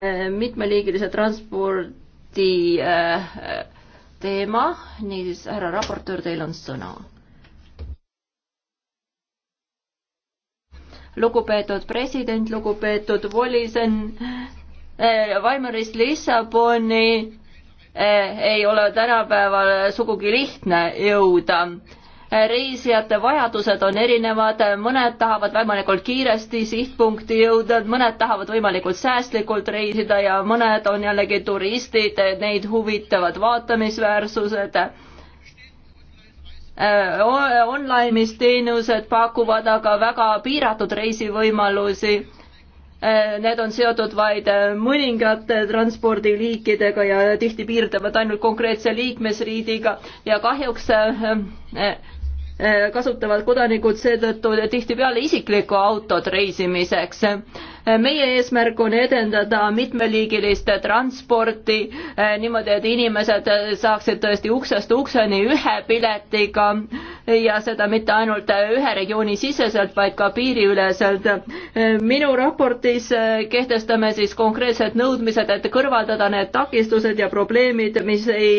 Äh, mitmeliigilise transpordi äh, teema, niisiis, härra raportöör, teil on sõna. lugupeetud president, lugupeetud volisen, Vaimarist äh, Lissaboni ei ole tänapäeval sugugi lihtne jõuda reisijate vajadused on erinevad, mõned tahavad võimalikult kiiresti sihtpunkti jõuda, mõned tahavad võimalikult säästlikult reisida ja mõned on jällegi turistid, neid huvitavad vaatamisväärsused. Online'is teenused pakuvad aga väga piiratud reisivõimalusi. Need on seotud vaid mõningate transpordiliikidega ja tihti piirduvad ainult konkreetse liikmesriigiga ja kahjuks kasutavad kodanikud seetõttu tihtipeale isiklikku autot reisimiseks meie eesmärk on edendada mitmeliigilist transporti eh, niimoodi, et inimesed saaksid tõesti uksest ukseni ühe piletiga ja seda mitte ainult ühe regiooni siseselt, vaid ka piiriüleselt. Eh, minu raportis eh, kehtestame siis konkreetsed nõudmised, et kõrvaldada need takistused ja probleemid, mis ei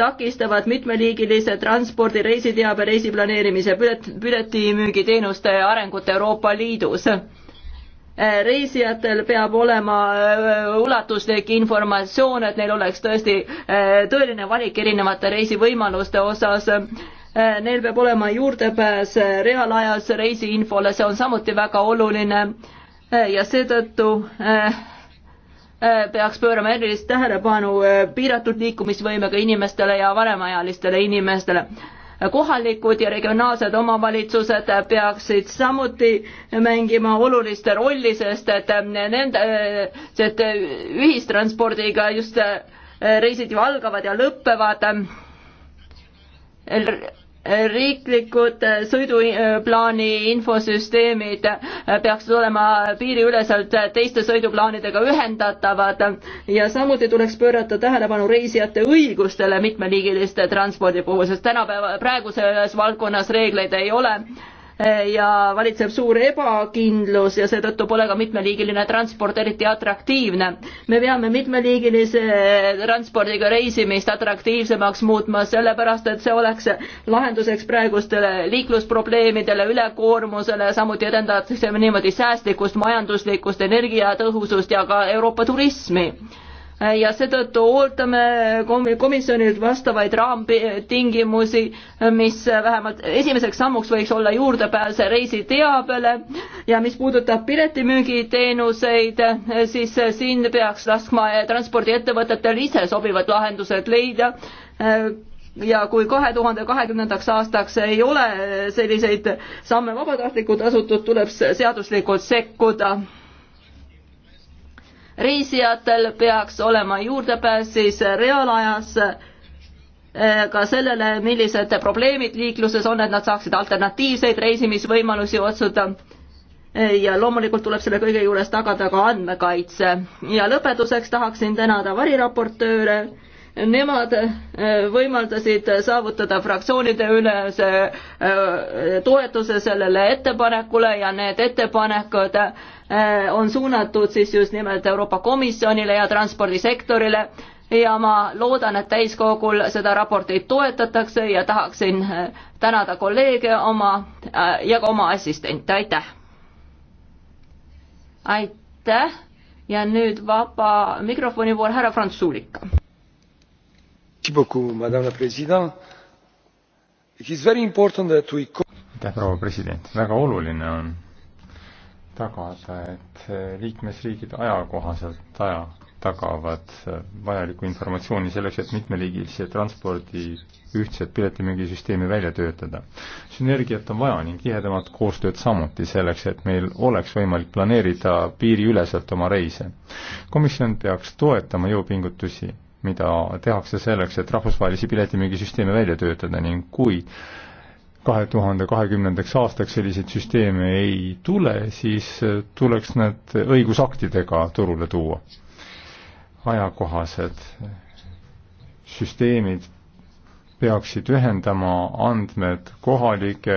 takistavad mitmeliigilise transpordi, reisiteabe, reisiplaneerimise, pilet, piletimüügiteenuste arengut Euroopa Liidus Äh, reisijatel peab olema äh, ulatuslik informatsioon, et neil oleks tõesti äh, tõeline valik erinevate reisivõimaluste osas. Neil peab olema juurdepääs reaalajas reisiinfole, see on samuti väga oluline ja seetõttu peaks pöörama erilist tähelepanu piiratud liikumisvõimega inimestele ja vanemaealistele inimestele kohalikud ja regionaalsed omavalitsused peaksid samuti mängima olulist rolli, sest et nende, sest ühistranspordiga just reisid ju algavad ja lõppevad riiklikud sõiduplaani infosüsteemid peaksid olema piiriüleselt teiste sõiduplaanidega ühendatavad ja samuti tuleks pöörata tähelepanu reisijate õigustele mitmeliigiliste transpordi puhul, sest tänapäeva, praeguses valdkonnas reegleid ei ole ja valitseb suur ebakindlus ja seetõttu pole ka mitmeliigiline transport eriti atraktiivne. me peame mitmeliigilise transpordiga reisimist atraktiivsemaks muutma, sellepärast et see oleks lahenduseks praegustele liiklusprobleemidele, ülekoormusele, samuti edendatakse niimoodi säästlikkust, majanduslikkust, energiatõhusust ja ka Euroopa turismi Äh, ja seetõttu ootame komisjonilt vastavaid raamtingimusi, äh, mis äh, vähemalt esimeseks sammuks võiks olla juurdepääs reisiteabele ja mis puudutab piletimüügiteenuseid, siis siin peaks laskma transpordiettevõtetel ise sobivad lahendused leida ja kui kahe tuhande kahekümnendaks aastaks ei ole selliseid samme vabatahtlikult asutud, tuleb seaduslikult sekkuda reisijatel peaks olema juurdepääs siis reaalajas eh, ka sellele, millised probleemid liikluses on, et nad saaksid alternatiivseid reisimisvõimalusi otsuda. Eh, ja loomulikult tuleb selle kõige juures tagada ka andmekaitse. ja lõpetuseks tahaksin tänada variraportööre Nemad äh, võimaldasid saavutada fraktsioonide ülese äh, toetuse sellele ettepanekule ja need ettepanekud äh, on suunatud siis just nimelt Euroopa Komisjonile ja transpordisektorile ja ma loodan, et täiskogul seda raportit toetatakse ja tahaksin tänada kolleege oma ja ka oma assistente, aitäh! aitäh ja nüüd vaba mikrofoni pool härra Frantsuulika aitäh, proua president, väga oluline on tagada, et eh, liikmesriigid ajakohaselt aja tagavad eh, vajaliku informatsiooni selleks, et mitmeliigilise transpordi ühtset piletimüügisüsteemi välja töötada. sünergiat on vaja ning tihedamat koostööd samuti selleks, et meil oleks võimalik planeerida piiriüleselt oma reise. komisjon peaks toetama jõupingutusi mida tehakse selleks, et rahvusvahelisi piletimüügisüsteeme välja töötada ning kui kahe tuhande kahekümnendaks aastaks selliseid süsteeme ei tule, siis tuleks nad õigusaktidega turule tuua. ajakohased süsteemid peaksid ühendama andmed kohalike,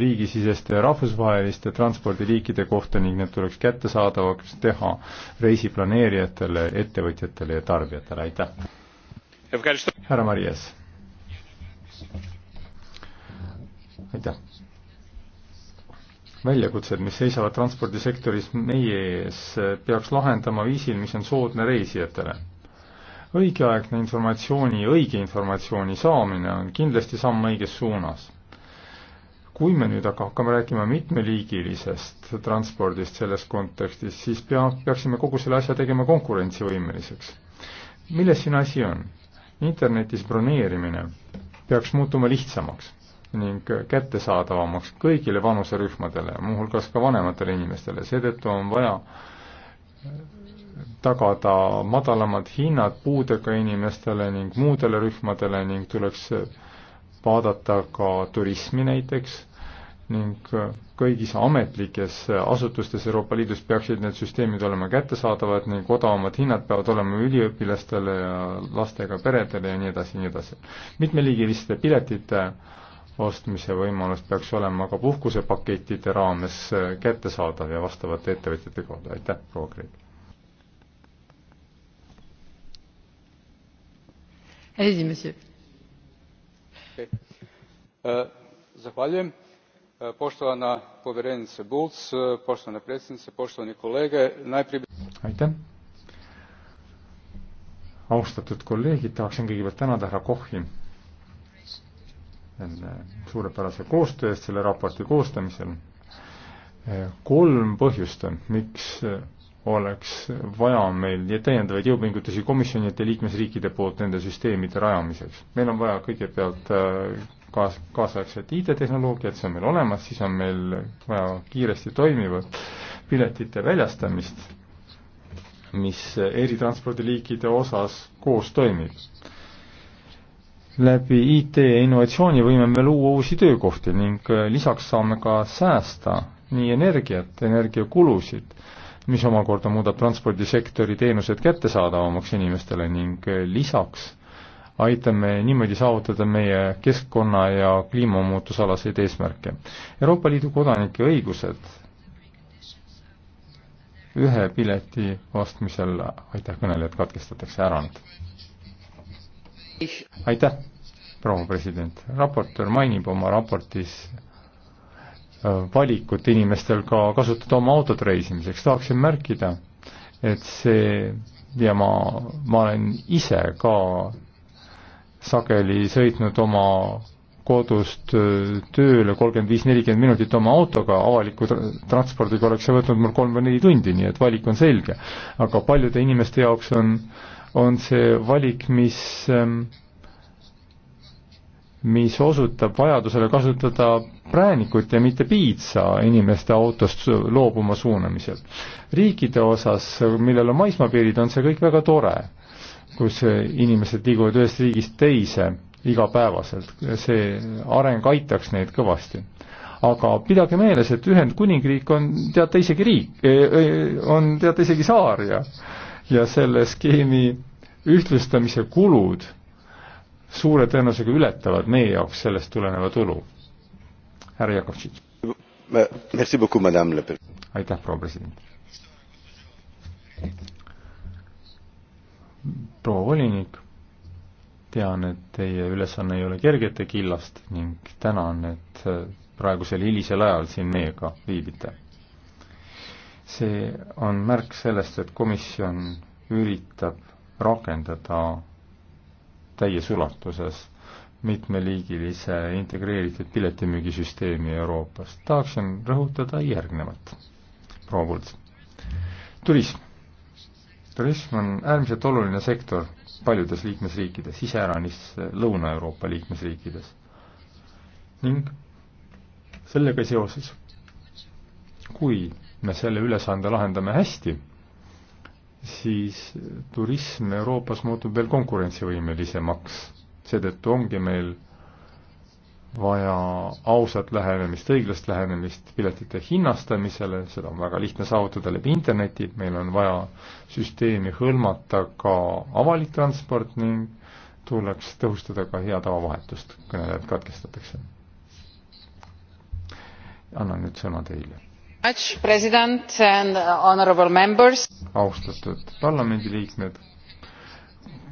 riigisiseste ja rahvusvaheliste transpordiliikide kohta ning need tuleks kättesaadavaks teha reisiplaneerijatele, ettevõtjatele ja tarbijatele, aitäh! härra Marias. aitäh! väljakutsed, mis seisavad transpordisektoris meie ees, peaks lahendama viisil, mis on soodne reisijatele õigeaegne informatsiooni, õige informatsiooni saamine on kindlasti samm õiges suunas. kui me nüüd aga hakkame rääkima mitmeliigilisest transpordist selles kontekstis, siis pea, peaksime kogu selle asja tegema konkurentsivõimeliseks. milles siin asi on? internetis broneerimine peaks muutuma lihtsamaks ning kättesaadavamaks kõigile vanuserühmadele, muuhulgas ka vanematele inimestele, seetõttu on vaja tagada madalamad hinnad puudega inimestele ning muudele rühmadele ning tuleks vaadata ka turismi näiteks ning kõigis ametlikes asutustes Euroopa Liidus peaksid need süsteemid olema kättesaadavad ning odavamad hinnad peavad olema üliõpilastele ja lastega peredele ja nii edasi ja nii edasi. mitmeliigiliste piletite ostmise võimalus peaks olema ka puhkusepakettide raames kättesaadav ja vastavate ettevõtjate kaudu, aitäh, proua Kreek! E, e, poštovana povjerenice bulc e, poštovana predsjednice poštovani kolege najprije. austatud kolleegid tahaksin kõigepealt tänada härra kochi suurepärase koostöö eest selle raporti koostamisel kolm põhjust miks oleks vaja meil täiendavaid jõupingutusi komisjonide liikmesriikide poolt nende süsteemide rajamiseks. meil on vaja kõigepealt äh, kaas-, kaasaegset IT-tehnoloogiat, see on meil olemas, siis on meil vaja kiiresti toimivat piletite väljastamist, mis eritranspordiliikide osas koos toimib läbi IT ja innovatsiooni võime me luua uusi töökohti ning äh, lisaks saame ka säästa nii energiat, energiakulusid mis omakorda muudab transpordisektori teenused kättesaadavamaks inimestele ning eh, lisaks aitame niimoodi saavutada meie keskkonna ja kliimamuutusalaseid eesmärke. Euroopa Liidu kodanike õigused ühe pileti ostmisel, aitäh, kõnelejad katkestatakse ära nüüd. aitäh, proua president, raportöör mainib oma raportis valikut inimestel ka kasutada oma autot reisimiseks, tahaksin märkida, et see ja ma, ma olen ise ka sageli sõitnud oma kodust tööle kolmkümmend viis, nelikümmend minutit oma autoga, avaliku transpordiga oleks see võtnud mul kolm või neli tundi, nii et valik on selge. aga paljude inimeste jaoks on, on see valik, mis ehm, mis osutab vajadusele kasutada präänikut ja mitte piitsa inimeste autost loobuma suunamisel. riikide osas, millel on maismaapiirid, on see kõik väga tore, kus inimesed liiguvad ühest riigist teise igapäevaselt, see areng aitaks neid kõvasti. aga pidage meeles, et Ühendkuningriik on teate isegi riik, e, e, on teate isegi saar ja ja selle skeemi ühtlustamise kulud suure tõenäosusega ületavad meie jaoks sellest tuleneva tulu. härra Jakovtšitš. aitäh, proua president. proua volinik, tean, et teie ülesanne ei ole kergete killast ning tänan, et äh, praegusel hilisel ajal siin meiega viibite. see on märk sellest, et komisjon üritab rakendada täies ulatuses mitmeliigilise integreeritud piletimüügisüsteemi Euroopas. tahaksin rõhutada järgnevat, proua Kults. turism. turism on äärmiselt oluline sektor paljudes liikmesriikides, iseäranis Lõuna-Euroopa liikmesriikides. ning sellega seoses, kui me selle ülesande lahendame hästi siis turism Euroopas muutub veel konkurentsivõimelisemaks. seetõttu ongi meil vaja ausat lähenemist, õiglast lähenemist piletite hinnastamisele, seda on väga lihtne saavutada läbi interneti, meil on vaja süsteemi hõlmata ka avalik transport ning tuleks tõhustada ka hea tava vahetust, kõnelejad katkestatakse. annan nüüd sõna teile austatud parlamendiliikmed,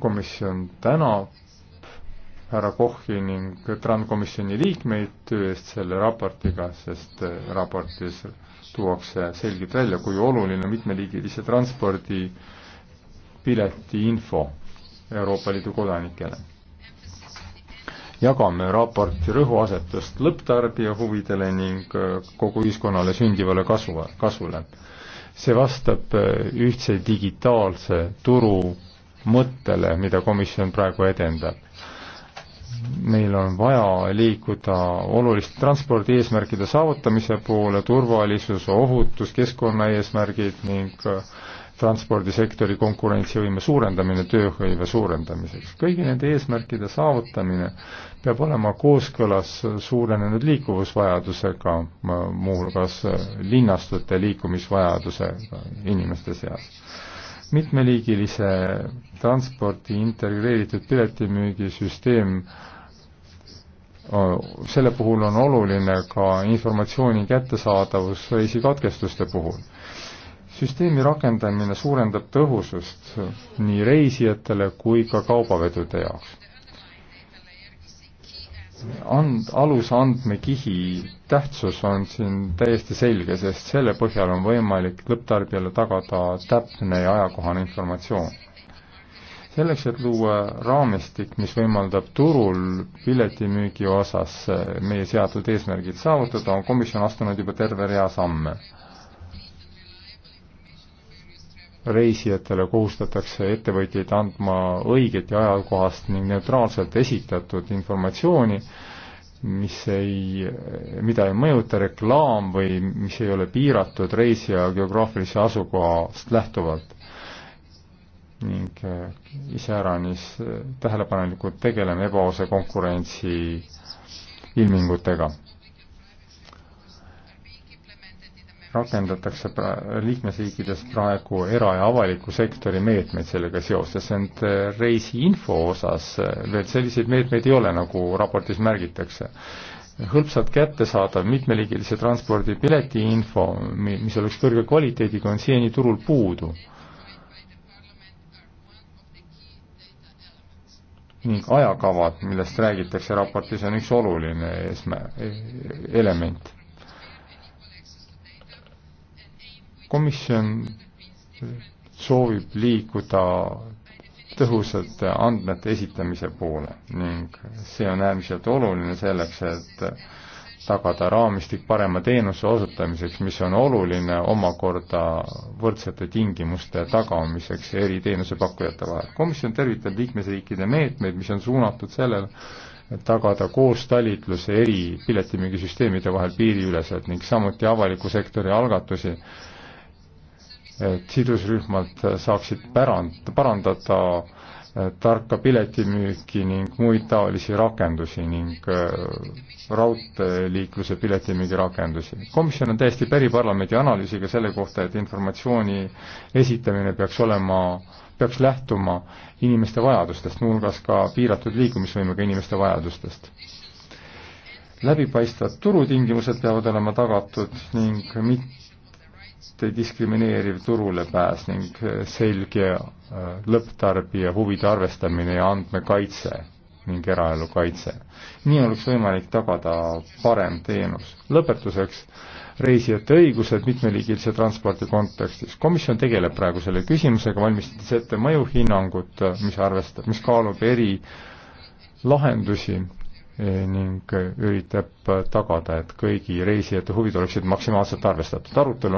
komisjon tänab härra Kochi ning TRAN komisjoni liikmeid töö eest selle raportiga, sest äh, raportis tuuakse selgelt välja, kui oluline mitmeliigilise transpordi pileti info Euroopa Liidu kodanikele jagame raporti rõhuasetust lõpptarbija huvidele ning äh, kogu ühiskonnale sündivale kasu, kasule. see vastab äh, ühtse digitaalse turu mõttele, mida komisjon praegu edendab meil on vaja liikuda oluliste transpordi eesmärkide saavutamise poole, turvalisus, ohutus, keskkonnaeesmärgid ning äh, transpordisektori konkurentsivõime suurendamine tööhõive suurendamiseks. kõigi nende eesmärkide saavutamine peab olema kooskõlas suurenenud liikuvusvajadusega, muuhulgas linnastute liikumisvajadusega inimeste seas. mitmeliigilise transpordi integreeritud piletimüügisüsteem selle puhul on oluline ka informatsiooni kättesaadavus reisikatkestuste puhul süsteemi rakendamine suurendab tõhusust nii reisijatele kui ka kaubavedude jaoks. And-, alusandmekihi tähtsus on siin täiesti selge, sest selle põhjal on võimalik lõpptarbijale tagada täpne ja ajakohane informatsioon. selleks, et luua raamistik, mis võimaldab turul piletimüügi osas meie seatud eesmärgid saavutada, on komisjon astunud juba terve rea samme reisijatele kohustatakse ettevõtjaid andma õiget ja ajakohast ning neutraalselt esitatud informatsiooni, mis ei, mida ei mõjuta reklaam või mis ei ole piiratud reisija geograafilise asukohast lähtuvalt. ning äh, iseäranis äh, tähelepanelikult tegeleme ebaausa konkurentsi ilmingutega rakendatakse liikmesriikides praegu era- ja avaliku sektori meetmeid sellega seoses, ent äh, reisiinfo osas äh, veel selliseid meetmeid ei ole, nagu raportis märgitakse. hõlpsalt kättesaadav mitmeliigilise transpordi piletiinfo, mis oleks kõrge kvaliteediga, on siiani turul puudu ning ajakavad, millest räägitakse raportis, on üks oluline eesmä-, e-, element. komisjon soovib liikuda tõhusate andmete esitamise poole ning see on äärmiselt oluline selleks, et tagada raamistik parema teenuse osutamiseks, mis on oluline omakorda võrdsete tingimuste tagamiseks eri teenusepakkujate vahel. komisjon tervitab liikmesriikide meetmeid, mis on suunatud sellele, et tagada koostalitluse eri piletimüügisüsteemide vahel piiriüleselt ning samuti avaliku sektori algatusi, et sidusrühmad saaksid pärand, parandada eh, tarka piletimüüki ning muid taolisi rakendusi ning eh, raudteeliikluse piletimüügi rakendusi. komisjon on täiesti päri parlamendi analüüsiga selle kohta, et informatsiooni esitamine peaks olema, peaks lähtuma inimeste vajadustest, muuhulgas ka piiratud liikumisvõimega inimeste vajadustest. läbipaistvad turutingimused peavad olema tagatud ning mit-, diskrimineeriv turulepääs ning äh, selge äh, lõpptarbija huvide arvestamine ja andmekaitse ning eraelu kaitse. nii oleks võimalik tagada parem teenus. lõpetuseks reisijate õigused mitmeliigilise transpordi kontekstis. komisjon tegeleb praegu selle küsimusega, valmistades ette mõjuhinnangut, äh, mis arvestab, mis kaalub eri lahendusi eh, ning üritab tagada, et kõigi reisijate huvid oleksid maksimaalselt arvestatud. arutelu on